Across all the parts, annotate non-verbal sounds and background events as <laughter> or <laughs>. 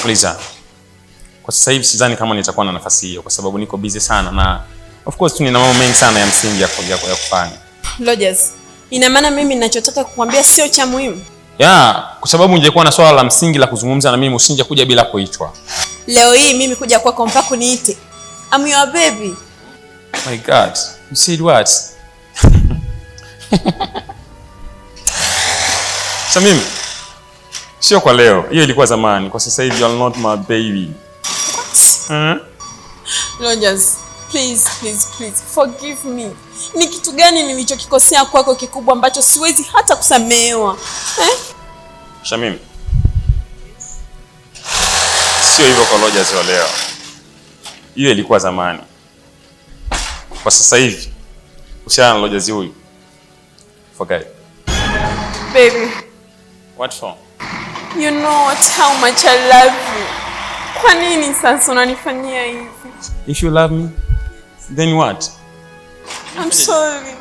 kunisikiliza. Kwa sasa hivi sidhani kama nitakuwa na nafasi hiyo, kwa sababu niko busy sana na of course tu nina mambo mengi sana ya msingi ya kufanya. Lojas, ina maana mimi ninachotaka kukuambia sio cha muhimu? Yeah, kwa sababu ungekuwa na swala la msingi la kuzungumza na mimi usinje kuja bila kuitwa. Leo hii mimi kuja kwako mpaka niite. I'm your baby. My God. You said what? Samimi <laughs> Sio kwa leo, hiyo ilikuwa zamani. Kwa sasa hivi you are not my baby. What? Hmm? Lojas, please, please, please, forgive me. Ni kitu gani nilichokikosea kwako kikubwa ambacho siwezi hata kusamehewa eh? Shamim, sio hivyo kwa Lojas wa leo, hiyo ilikuwa zamani. Kwa sasa hivi usiana na Lojas huyu. Forget. Baby. What for? You know what, how much I love you. Kwa nini sasa unanifanyia hivi? If you love me, then what? I'm sorry.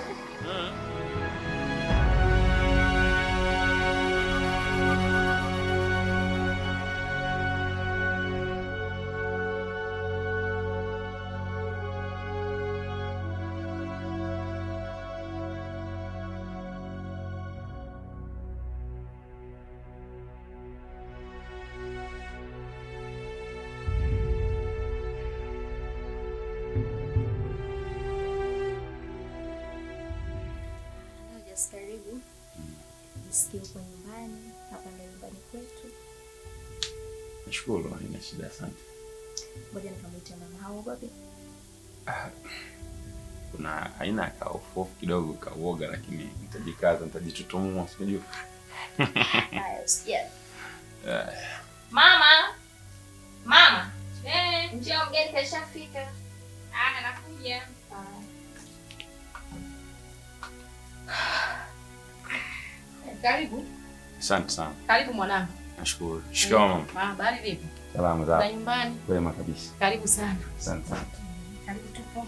yuko nyumbani, hapa ndio nyumbani kwetu. Nashukuru, haina shida, asante. Ngoja nikamwita mama. hao Hauogopi? Ah, kuna aina ya kaofofu kidogo kauoga, lakini nitajikaza, nitajitutumua, sijui. Haya, usijali. Mama, mama, eh, njoo mgeni kashafika. Ah, anakuja. Ah. Karibu. Asante sana. Karibu mwanangu. Nashukuru. Shikamoo mama. Ah, habari vipi? Salamu za. nyumbani. Kwema kabisa. Karibu sana. Asante sana. Karibu tupo.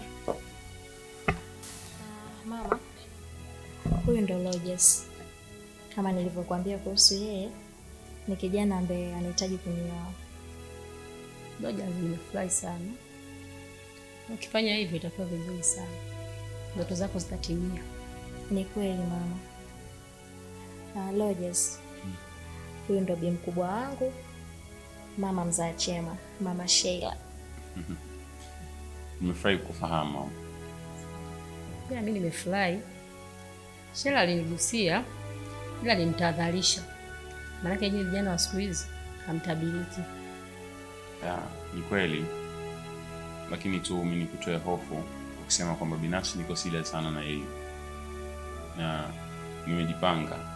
Ah, mama, huyu ndo Lojes. Kama nilivyokuambia kuhusu yeye, ni kijana ambaye anahitaji kunioa. Loja nimefurahi sana. Ukifanya hivyo itakuwa vizuri sana, ndoto zako zitatimia. Ni kweli mama uh, ah, Lojes. Hmm. Huyu ndo bi mkubwa wangu, mama mzaa chema, mama Sheila. Mm-hmm. Nimefurahi kufahamu. Pia mimi nimefurahi. Sheila alinigusia ila nimtahadharisha, maanake nyinyi vijana wa siku hizi hamtabiriki. Ni kweli, lakini tu mimi nikutoe hofu kwa kusema kwamba binafsi niko serious sana na yeye na nimejipanga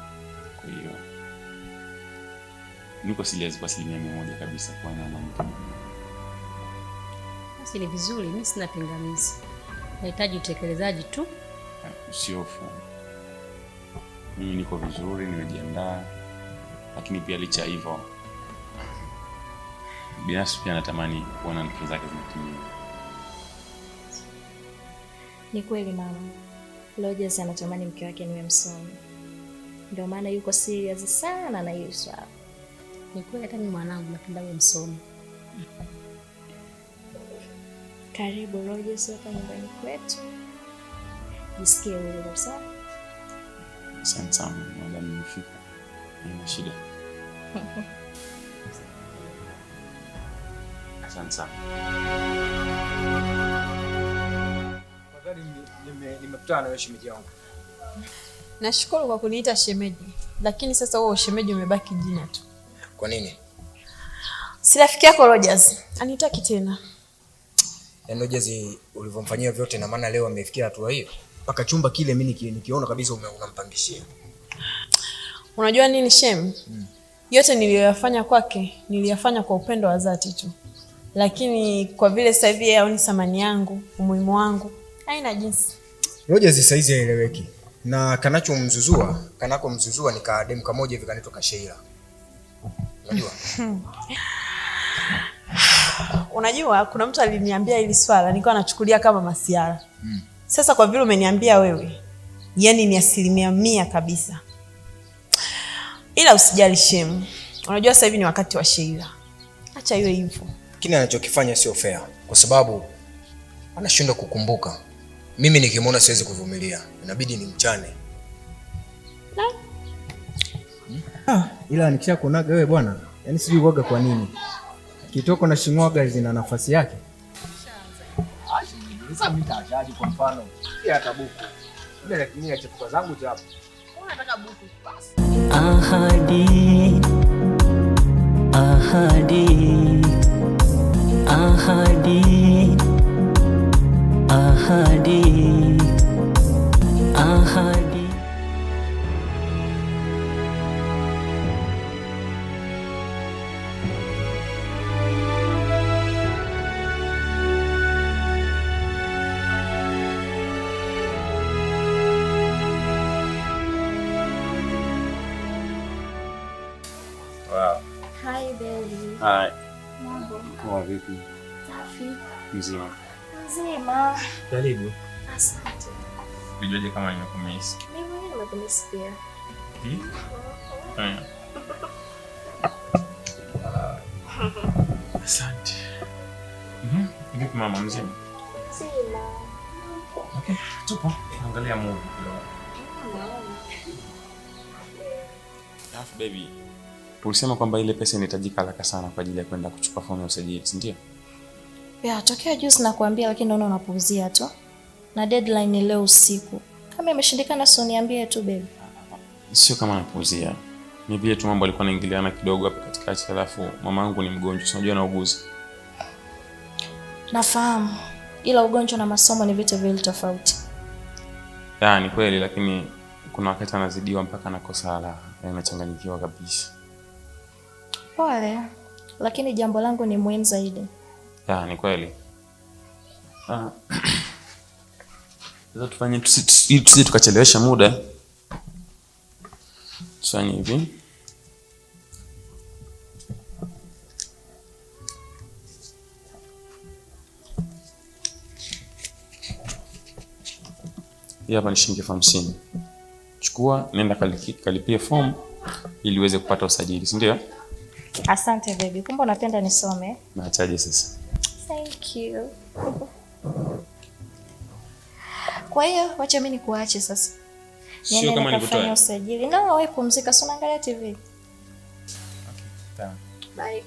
kwa hiyo niko siliazi kwa asilimia mia moja kabisa kuwa na mwanamke. Basi ni vizuri, mi sina pingamizi, nahitaji utekelezaji tu. Usiofu, mimi niko vizuri, nimejiandaa, lakini pia licha hivyo binafsi pia natamani kuona ndoto zake zinatumia Ni kweli mama, Lojas anatamani mke wake niwe msomi. Ndio maana yuko serious sana na hiyo swala. Ni kweli hata mimi mwanangu napenda wewe msomi. Karibu Rojes hapa nyumbani kwetu. Jisikie wewe kabisa. Asante sana. Mada nimefika. Nina shida. Asante sana. Wakati nimekutana na wewe shemeji yangu. Nashukuru kwa kuniita shemeji, lakini sasa huo shemeji umebaki jina tu. Kwa nini? Si rafiki yako Rogers anitaki tena. Yaani Rogers ulivyomfanyia vyote, na maana leo amefikia hatua hiyo mpaka chumba kile, mimi nikiona kabisa unampangishia. Unajua nini Shem? Hmm. Yote niliyoyafanya kwake niliyafanya kwa upendo wa dhati tu, lakini kwa vile sasa hivi yeye haoni thamani yangu, umuhimu wangu, haina jinsi. Rogers saizi haeleweki na kanachomzuzua kanakomzuzua ni kademu kamoja hivi kanaitwa Kasheila. Unajua? <laughs> Unajua kuna mtu aliniambia hili swala nilikuwa nachukulia kama masiara. Mm. Sasa kwa vile umeniambia wewe, yani ni asilimia mia kabisa, ila usijali Shemu. Unajua sasa hivi ni wakati wa Sheila, acha iwe hivyo. Kile anachokifanya sio fair, kwa sababu anashindwa kukumbuka mimi nikimwona siwezi kuvumilia, inabidi ni hmm? Ah, ila nikishakuonaga wewe bwana, yani sijui uoga kwa nini kitoko na shing'oga zina nafasi yake. Ahadi, ahadi, ahadi. ahadi ahadi Wow. Hi, Daddy. Hi. Mambo. Poa vipi? Safi. Mzima. mzima. Karibu. Asante. Unajuaje kama nimekumisi? Mimi mwenyewe nimekumisi pia. Hmm? Asante. Hmm? Vipi mama mzima? Sina. Okay, tupo. Angalia movie baby, ulisema kwamba ile pesa inahitajika haraka sana kwa ajili ya kwenda kuchukua fomu ya usajili, si ndio? Ya, tokea juzi nakuambia lakini naona unapuuzia tu. Na deadline ni leo usiku. Kama imeshindikana sio niambie tu baby. Sio kama napuuzia. Ni vile tu mambo alikuwa anaingiliana kidogo hapa katikati alafu mamangu ni mgonjwa, unajua anauguza. Nafahamu. Ila ugonjwa na masomo ni vitu viwili tofauti. Ya, ni kweli lakini kuna wakati anazidiwa mpaka anakosa la, Anachanganyikiwa kabisa. Pole, lakini jambo langu ni muhimu zaidi. Ya, ni kweli. Ah. <clears throat> Sasa tufanye ili tusije tukachelewesha muda. Tufanye hivi. Hapa ni shilingi elfu hamsini. Chukua, nenda kalipia fomu ili uweze kupata usajili, si ndio? Asante baby. Kumbe unapenda nisome. Naachaje sasa? hiyo. Kwa hiyo wacha mimi nikuache sasa. Sio yaani kama nikutoe usajili. Na wewe pumzika, si unaangalia TV. Okay, ah, sawa. Bye.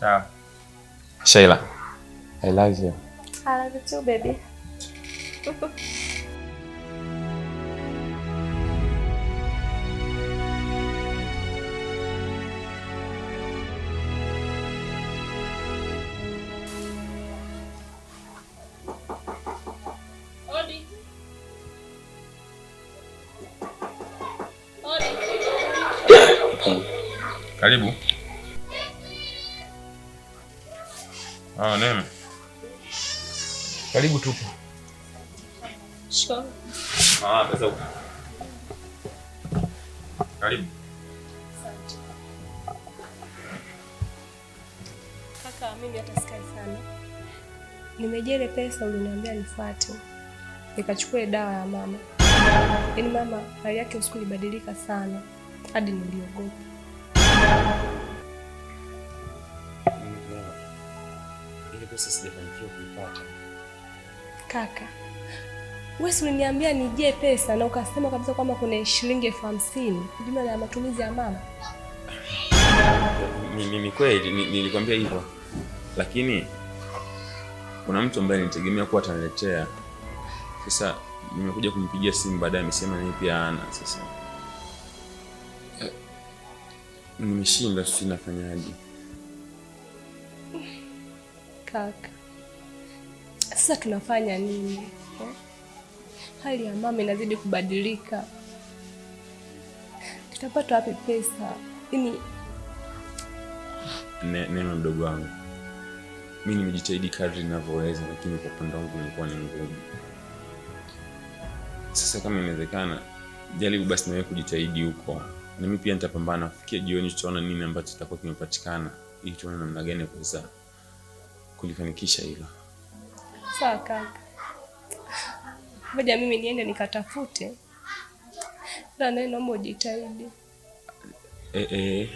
Sawa. Sheila. I love you. I love you too, baby. <laughs> Karibu. Ah, Neema. Karibu tupo. Sure. Ah, pesa huko. Karibu. Kaka, mimi hata sikai sana. Nimejele pesa uliniambia nifuate. Nikachukue dawa ya mama. Yaani mama hali yake usiku ilibadilika sana hadi niliogopa. ili pesa sijafanikiwa kuipata. Kaka wewe si uliniambia nije pesa na ukasema kabisa kwamba kuna shilingi elfu hamsini jumla ya matumizi ya mama. Ni kweli nilikwambia hivyo, lakini kuna mtu ambaye nitegemea kuwa ataniletea sasa nimekuja kumpigia simu baadaye, amesema ni pia ana Sasa eh, nimeshinda, sinafanyaje? Kaka, sasa tunafanya nini eh? Hali ya mama inazidi kubadilika, tutapata wapi pesa? Yaani neno mdogo wangu, mi nimejitahidi kadri ninavyoweza, lakini kwa upande wangu imekuwa ni ngumu. Sasa kama inawezekana, jaribu basi nawe kujitahidi huko, na mi pia nitapambana. Kufikia jioni, tutaona nini ambacho kitakuwa kimepatikana, ili tuone namna gani ya kuzaa kulifanikisha hilo. Sawa kaka, moja mimi niende nikatafute na naomba ujitahidi. E, e,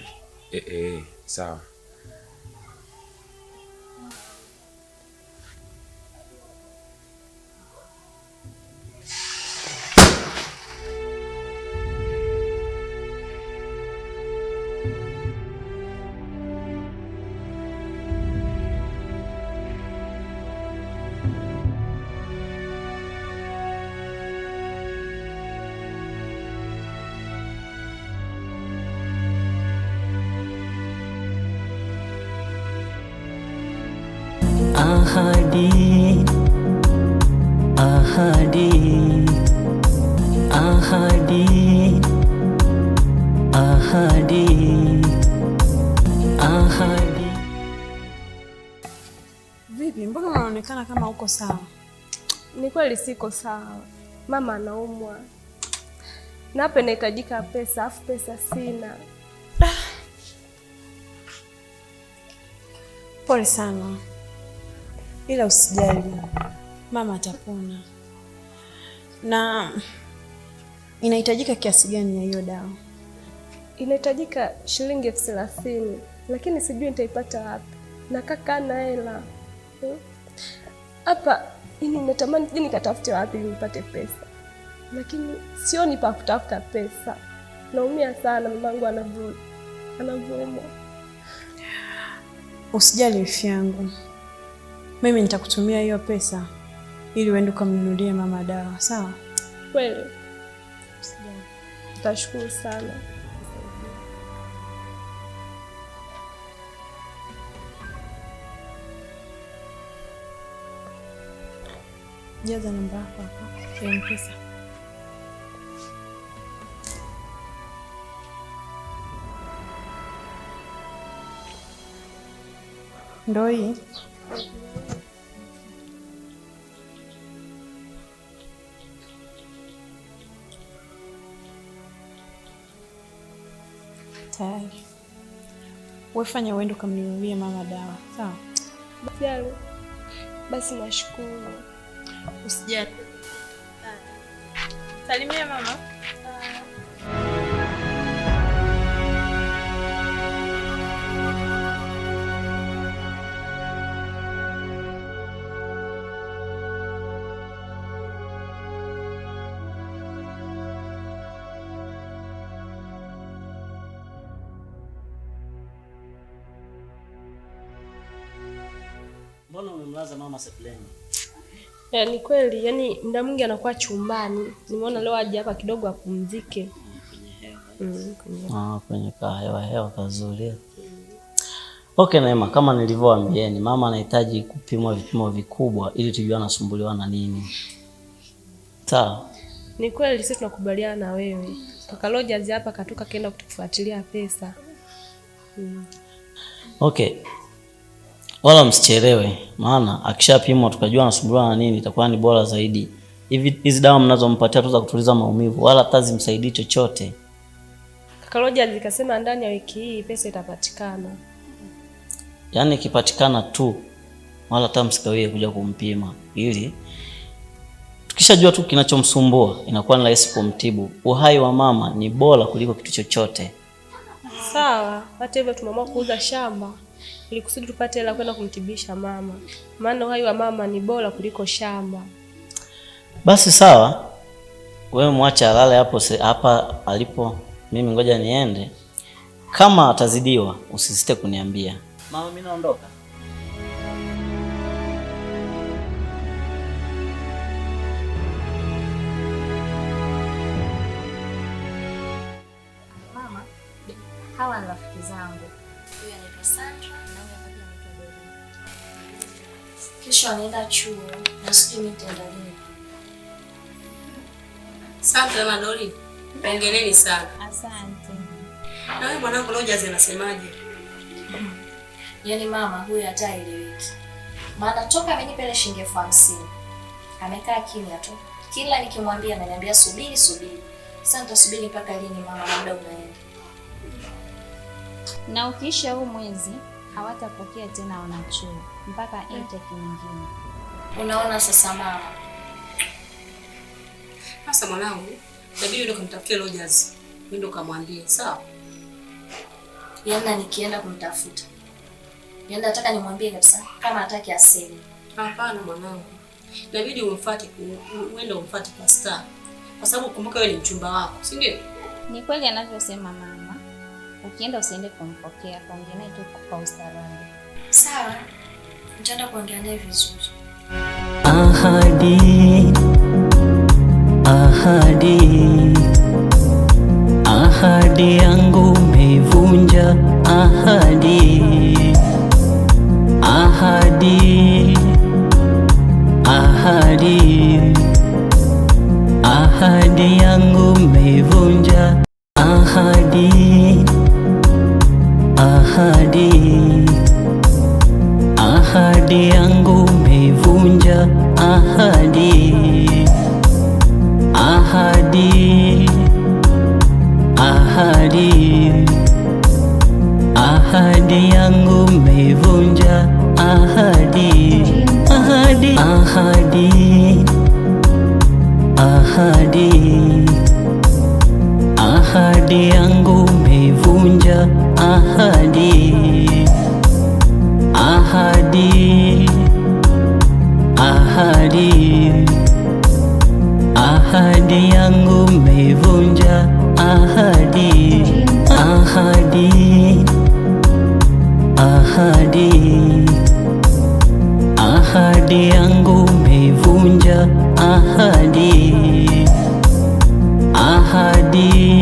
e, e, sawa. ahadi, ahadi, ahadi, ahadi, ahadi. Vipi, mbona unaonekana kama uko sawa? Ni kweli siko sawa, mama anaumwa na hapa inahitajika pesa, afu pesa sina. Ah. Pole sana ila usijali, mama atapona. Na inahitajika kiasi gani ya hiyo dawa? Inahitajika shilingi elfu thelathini, lakini sijui nitaipata wapi na kaka ana hela hmm? hapa hmm. Ini natamani je, nikatafute wapi nipate pesa, lakini sioni pa kutafuta pesa. Naumia sana, mamangu anavuma. Usijali wifi yangu, mimi nitakutumia hiyo pesa ili uende ukamnunulie mama dawa, sawa? Kweli nitashukuru sana. Jaza namba yako hapa ya Mpesa. Ndio hii. tayari. Wefanya uende ukamnunulie mama dawa, sawa? Basi, basi nashukuru. Usijali. Salimia mama. kumlaza mama sepleni. Eh, ni kweli, yani muda mwingi anakuwa chumbani. Nimeona leo aje hapa kidogo apumzike. Mm, ah, kwenye kahewa hewa kazuri. Okay, Neema, kama nilivyowaambieni, mama anahitaji kupimwa vipimo vikubwa ili tujue anasumbuliwa na nini. Sawa. Ni kweli sisi tunakubaliana na wewe. Kaka Rogers hapa katoka kenda kutufuatilia pesa. Mm. Okay, wala msichelewe, maana akishapimwa tukajua anasumbuliwa na nini, itakuwa ni bora zaidi. Hivi hizi dawa mnazompatia tu za kutuliza maumivu, wala hata zimsaidii chochote. Kaka Roja alikasema ndani ya wiki hii pesa itapatikana, yaani ikipatikana tu, wala hata msikawie kuja kumpima, ili tukishajua tu kinachomsumbua inakuwa ni rahisi kumtibu. Uhai wa mama ni bora kuliko kitu chochote. Sawa, hata hivyo tumeamua kuuza shamba ili kusudi tupate hela kwenda kumtibisha mama, maana uhai wa mama ni bora kuliko shamba. Basi sawa, wewe mwacha alale hapo hapa alipo, mimi ngoja niende. Kama atazidiwa usisite kuniambia mama, mimi naondoka. hawa ni rafiki zangu anaitwa Sandra na huyu sana. Asante. Na wewe mwanangu Rojas anasemaje? Yaani mama huyu hataeleweki. Maana toka amenipa ile shilingi elfu hamsini amekaa kimya tu, kila nikimwambia ananiambia subiri subiri. Sasa nitasubiri mpaka lini mama? Labda unaenda na ukiisha huu mwezi hawatapokea tena wanachuo mpaka intake nyingine. Unaona sasa mama. Sasa mwanangu, inabidi ndio kumtafutia Rogers. Mimi kamwambie, sawa? Yana nikienda kumtafuta. Yana nataka nimwambie kabisa kama hataki aseme. Hapana mwanangu. Inabidi umfuate uende umfuate Pastor. Kwa sababu kumbuka wewe ni mchumba wako, si ndio? Ni kweli anavyosema mama. Ukienda usiende kumpokea, kaongea naye tu kwa ustarabu. Sawa, nitaenda kuongea naye vizuri. Ahadi, ahadi, ahadi yangu umevunja, ahadi, ahadi, ahadi, ahadi yangu umevunja, ahadi ahadi, ahadi yangu umevunja, ahadi, ahadi, ahadi, ahadi yangu umevunja, ahadi, ahadi, ahadi, ahadi, ahadi yangu ahadi ahadi ahadi ahadi yangu mevunja ahadi ahadi ahadi ahadi yangu mevunja ahadi ahadi